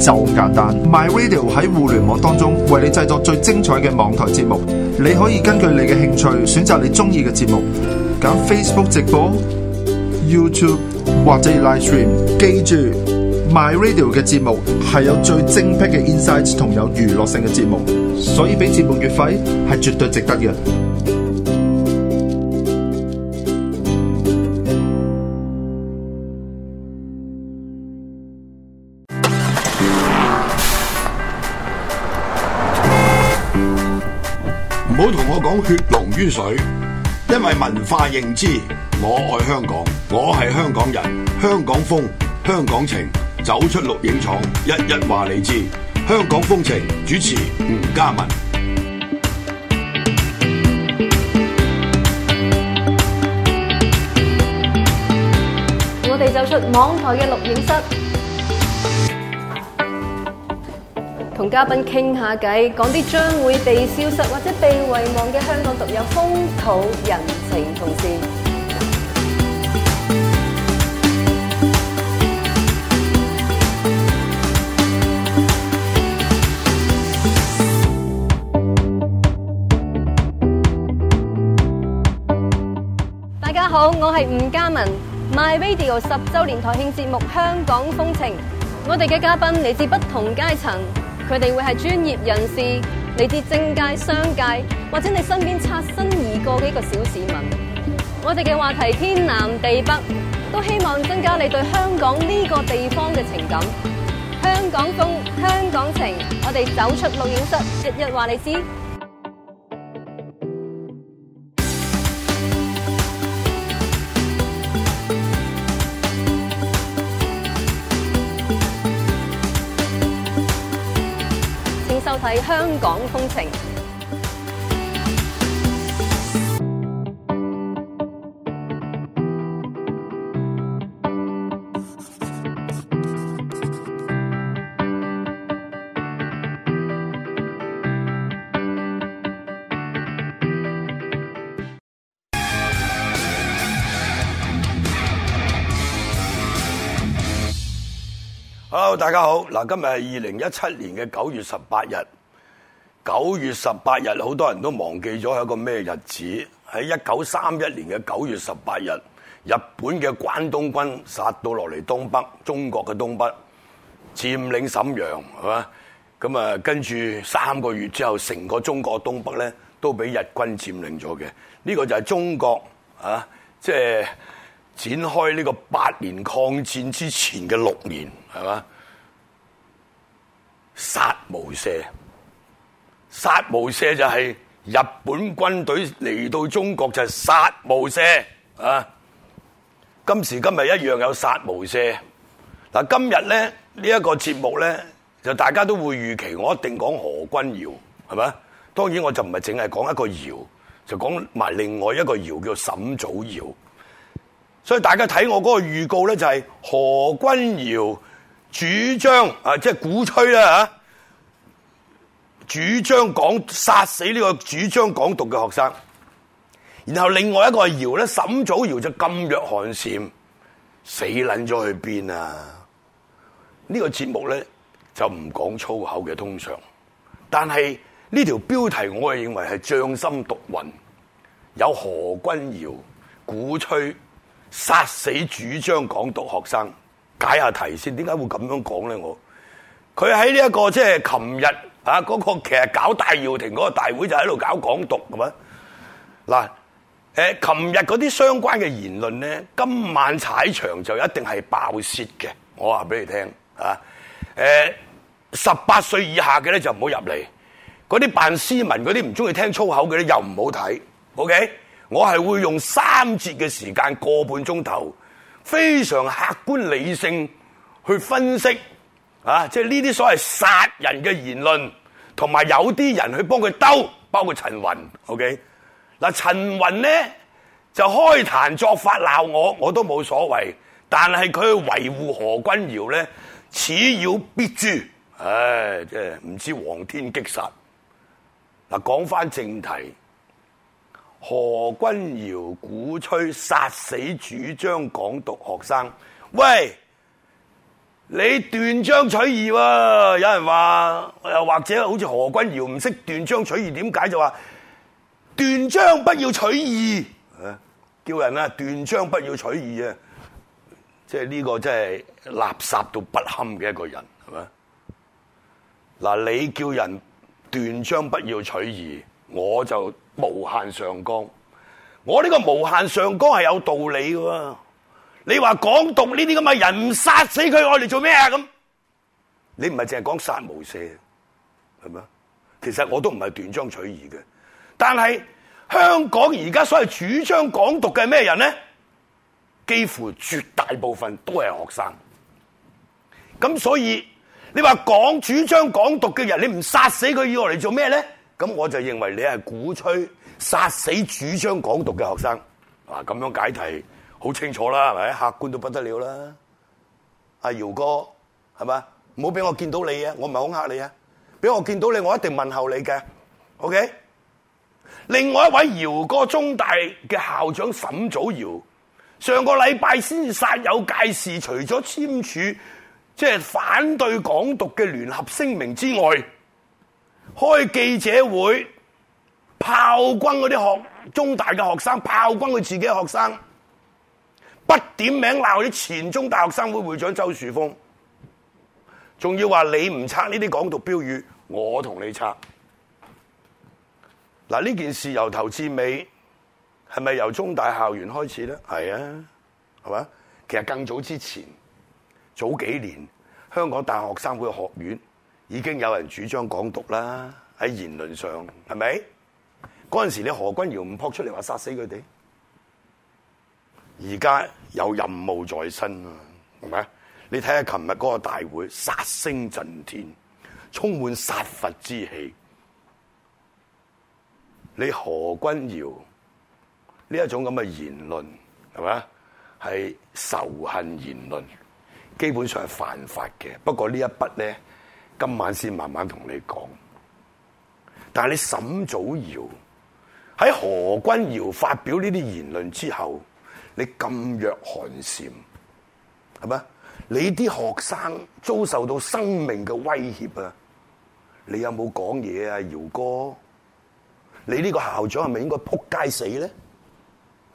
就咁簡單，My Radio 喺互聯網當中為你製作最精彩嘅網台節目，你可以根據你嘅興趣選擇你中意嘅節目，揀 Facebook 直播、YouTube 或者 Live Stream。記住，My Radio 嘅節目係有最精闢嘅 insights 同有娛樂性嘅節目，所以俾節目月費係絕對值得嘅。我血濃於水，因為文化認知。我愛香港，我係香港人，香港風，香港情，走出錄影廠，一一話你知。香港風情，主持吳家文，我哋走出網台嘅錄影室。同嘉賓傾下偈，講啲將會被消失或者被遺忘嘅香港獨有風土人情故事。大家好，我係吳嘉文，My Radio 十週年台慶節目《香港風情》。我哋嘅嘉賓嚟自不同階層。佢哋會係專業人士，嚟自政界、商界，或者你身邊擦身而過嘅一個小市民。我哋嘅話題天南地北，都希望增加你對香港呢個地方嘅情感。香港風，香港情，我哋走出錄影室，日日話你知。睇香港風情。Hello，大家好嗱。今日係二零一七年嘅九月十八日。九月十八日，好多人都忘記咗係一個咩日子。喺一九三一年嘅九月十八日，日本嘅關東軍殺到落嚟東北，中國嘅東北，佔領瀋陽，係嘛咁啊？跟住三個月之後，成個中國東北咧都俾日軍佔領咗嘅。呢個就係中國啊，即係展開呢個八年抗戰之前嘅六年。係嘛？殺無赦，殺無赦就係日本軍隊嚟到中國就係殺無赦啊！今時今日一樣有殺無赦。嗱，今日咧呢一個節目咧就大家都會預期，我一定講何君堯，係嘛？當然我就唔係淨係講一個堯，就講埋另外一個堯叫沈祖堯。所以大家睇我嗰個預告咧就係何君堯。主張啊，即係鼓吹啦吓！主張講殺死呢個主張港獨嘅學生，然後另外一個係姚咧，沈祖堯就噤若寒蟬，死撚咗去邊啊？呢、這個節目咧就唔講粗口嘅，通常，但係呢條標題我係認為係匠心獨運，有何君堯鼓吹殺死主張港獨學生。解下題先，點解會咁樣講咧？我佢喺呢一個即係琴日啊嗰個其實搞戴耀廷嗰個大會就喺度搞港獨咁啊！嗱，誒，琴日嗰啲相關嘅言論咧，今晚踩場就一定係爆雪嘅。我話俾你聽啊！誒、啊，十八歲以下嘅咧就唔好入嚟，嗰啲扮斯文、嗰啲唔中意聽粗口嘅咧又唔好睇。OK，我係會用三節嘅時間，個半鐘頭，非常客觀理性去分析，啊，即係呢啲所謂殺人嘅言論，同埋有啲人去幫佢兜，包括陳雲，OK？嗱、啊，陳雲呢就開壇作法鬧我，我都冇所謂。但係佢維護何君堯咧，此妖必誅，唉、哎，即係唔知皇天激殺。嗱、啊，講翻正題。何君堯鼓吹殺死主張港獨學生，喂，你斷章取義喎、啊！有人話又或者好似何君堯唔識斷章取義，點解就話斷章不要取義？叫人啊斷章不要取義啊！即係呢個真係垃圾到不堪嘅一個人，係嘛？嗱，你叫人斷章不要取義，我就。無限上綱，我呢個無限上綱係有道理嘅。你話港獨呢啲咁嘅人唔殺死佢，我嚟做咩啊？咁你唔係淨係講殺無赦，係咪啊？其實我都唔係斷章取義嘅。但係香港而家所謂主張港獨嘅係咩人咧？幾乎絕大部分都係學生。咁所以你話講主張港獨嘅人，你唔殺死佢要我嚟做咩咧？咁我就認為你係鼓吹殺死主張港獨嘅學生，嗱、啊、咁樣解題好清楚啦，係咪客觀到不得了啦？阿、啊、姚哥係嘛？唔好俾我見到你啊！我唔係恐嚇你啊！俾我見到你，我一定問候你嘅。OK。另外一位姚哥中大嘅校長沈祖堯，上個禮拜先煞有介事，除咗簽署即係、就是、反對港獨嘅聯合聲明之外，開記者會，炮轟嗰啲學中大嘅學生，炮轟佢自己嘅學生，不點名鬧啲前中大學生會會長周樹峰，仲要話你唔拆呢啲港獨標語，我同你拆。嗱，呢件事由頭至尾係咪由中大校園開始咧？係啊，係嘛？其實更早之前，早幾年香港大學生會學院。已經有人主張港獨啦，喺言論上係咪？嗰陣時你何君堯唔撲出嚟話殺死佢哋，而家有任務在身啦，係咪啊？你睇下琴日嗰個大會殺聲震天，充滿殺伐之氣。你何君堯呢一種咁嘅言論係咪啊？係仇恨言論，基本上係犯法嘅。不過呢一筆咧。今晚先慢慢同你講，但係你沈祖堯喺何君堯發表呢啲言論之後，你噤若寒蟬，係咪你啲學生遭受到生命嘅威脅啊！你有冇講嘢啊，堯哥？你呢個校長係咪應該扑街死咧？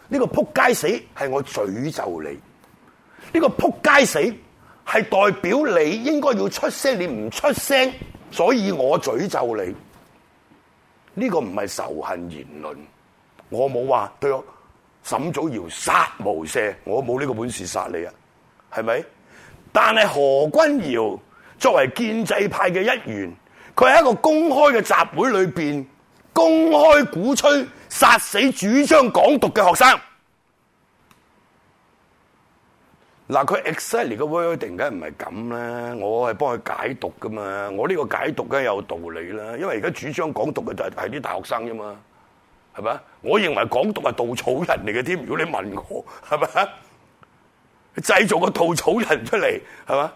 呢個扑街死係我詛咒你，呢個扑街死。係代表你應該要出聲，你唔出聲，所以我詛咒你。呢個唔係仇恨言論，我冇話對我沈祖堯殺無赦，我冇呢個本事殺你啊，係咪？但係何君堯作為建制派嘅一員，佢喺一個公開嘅集會裏邊，公開鼓吹殺死主張港獨嘅學生。嗱，佢 exciting 嘅 word 突然唔係咁啦，我係幫佢解讀噶嘛，我呢個解讀梗係有道理啦，因為而家主張港獨嘅就係呢啲大學生啫嘛，係咪？我認為港獨係稻草人嚟嘅添，如果你問我，係咪啊？製造個稻草人出嚟，係咪？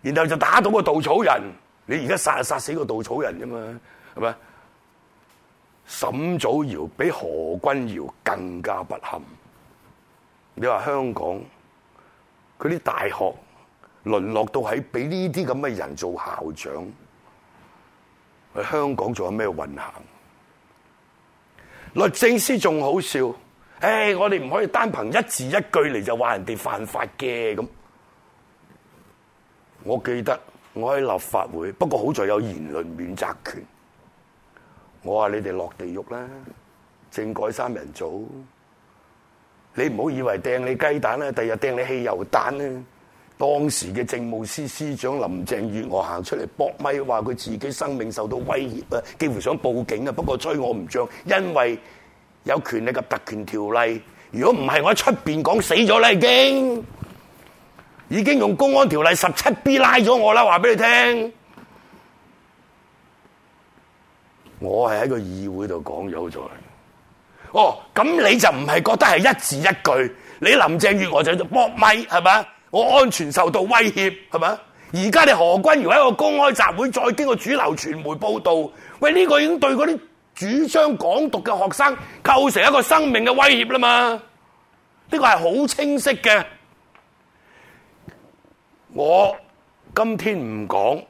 然後就打倒個稻草人，你而家殺啊殺死個稻草人啫嘛，係咪？沈祖堯比何君堯更加不堪，你話香港？佢啲大學淪落到喺俾呢啲咁嘅人做校長，喺香港仲有咩運行？律政司仲好笑，誒、欸，我哋唔可以單憑一字一句嚟就話人哋犯法嘅。咁我記得我喺立法會，不過好在有言論免責權。我話你哋落地獄啦，政改三人組。你唔好以為掟你雞蛋，咧，第日掟你汽油彈咧。當時嘅政務司司長林鄭月娥行出嚟搏咪話佢自己生命受到威脅啊，幾乎想報警啊。不過追我唔着，因為有權力及特權條例。如果唔係，我喺出邊講死咗啦，已經已經用公安條例十七 B 拉咗我啦。話俾你聽，我係喺個議會度講有罪。哦，咁你就唔係覺得係一字一句？你林鄭月娥就搏咪，係咪？我安全受到威脅，係咪？而家你何君堯喺一個公開集會，再經過主流傳媒報導，喂，呢個已經對嗰啲主張港獨嘅學生構成一個生命嘅威脅啦嘛？呢個係好清晰嘅。我今天唔講，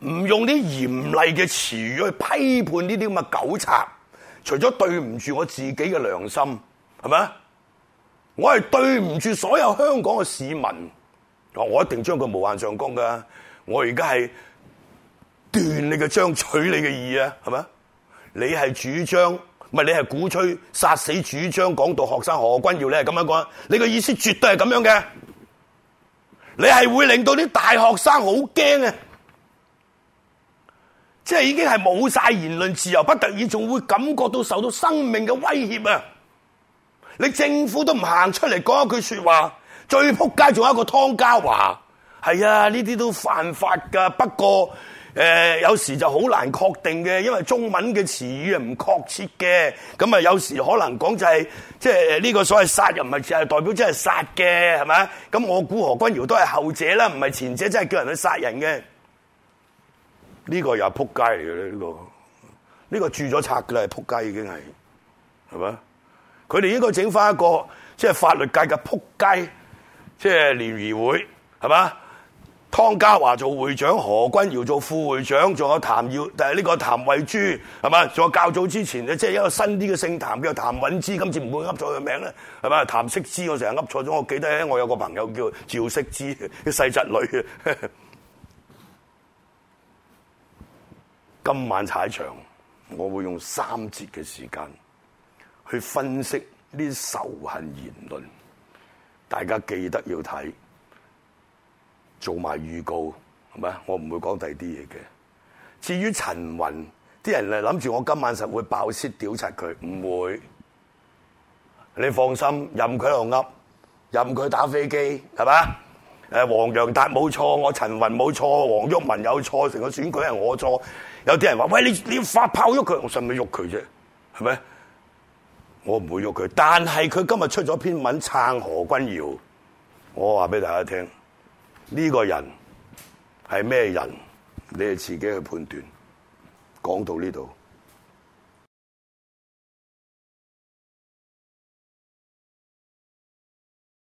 唔用啲嚴厲嘅詞語去批判呢啲咁嘅狗賊。除咗對唔住我自己嘅良心，係咪？我係對唔住所有香港嘅市民，我我一定將佢無限上綱噶。我而家係斷你嘅章，取你嘅義啊，係咪？你係主張，唔係你係鼓吹殺死主張，港獨學生何君堯，你係咁樣講，你嘅意思絕對係咁樣嘅，你係會令到啲大學生好驚嘅。即係已經係冇晒言論自由，不特止仲會感覺到受到生命嘅威脅啊！你政府都唔行出嚟講一句說話，最仆街仲有一個湯家驊，係啊，呢啲都犯法噶。不過誒、呃，有時就好難確定嘅，因為中文嘅詞語係唔確切嘅。咁啊，有時可能講就係即係呢個所謂殺人，咪，就係代表真係殺嘅，係咪啊？咁我估何君堯都係後者啦，唔係前者，即係叫人去殺人嘅。呢個又係撲街嚟嘅呢個，呢、這個住咗拆嘅啦，撲街已經係係嘛？佢哋應該整翻一個即係法律界嘅撲街，即係聯誼會係嘛？湯家驊做會長，何君堯做副會長，仲有譚耀，但誒呢個譚慧珠係嘛？仲有較早之前即係一個新啲嘅姓譚叫譚允芝，今次唔會噏錯佢名啦，係嘛？譚適之，我成日噏錯咗，我記得我有個朋友叫趙適之，啲細侄女。 今晚踩場，我會用三節嘅時間去分析呢仇恨言論，大家記得要睇，做埋預告係咪？我唔會講第二啲嘢嘅。至於陳雲，啲人嚟諗住我今晚實會爆屍屌柒佢，唔會。你放心，任佢嚟噏，任佢打飛機，係咪？誒，黃洋達冇錯，我陳雲冇錯，黃毓民有錯，成個選舉係我錯。有啲人話，喂，你你要發炮喐佢，我使唔使喐佢啫？係咪？我唔會喐佢，但係佢今日出咗篇文撐何君堯。我話俾大家聽，呢個人係咩人？你哋自己去判斷。講到呢度。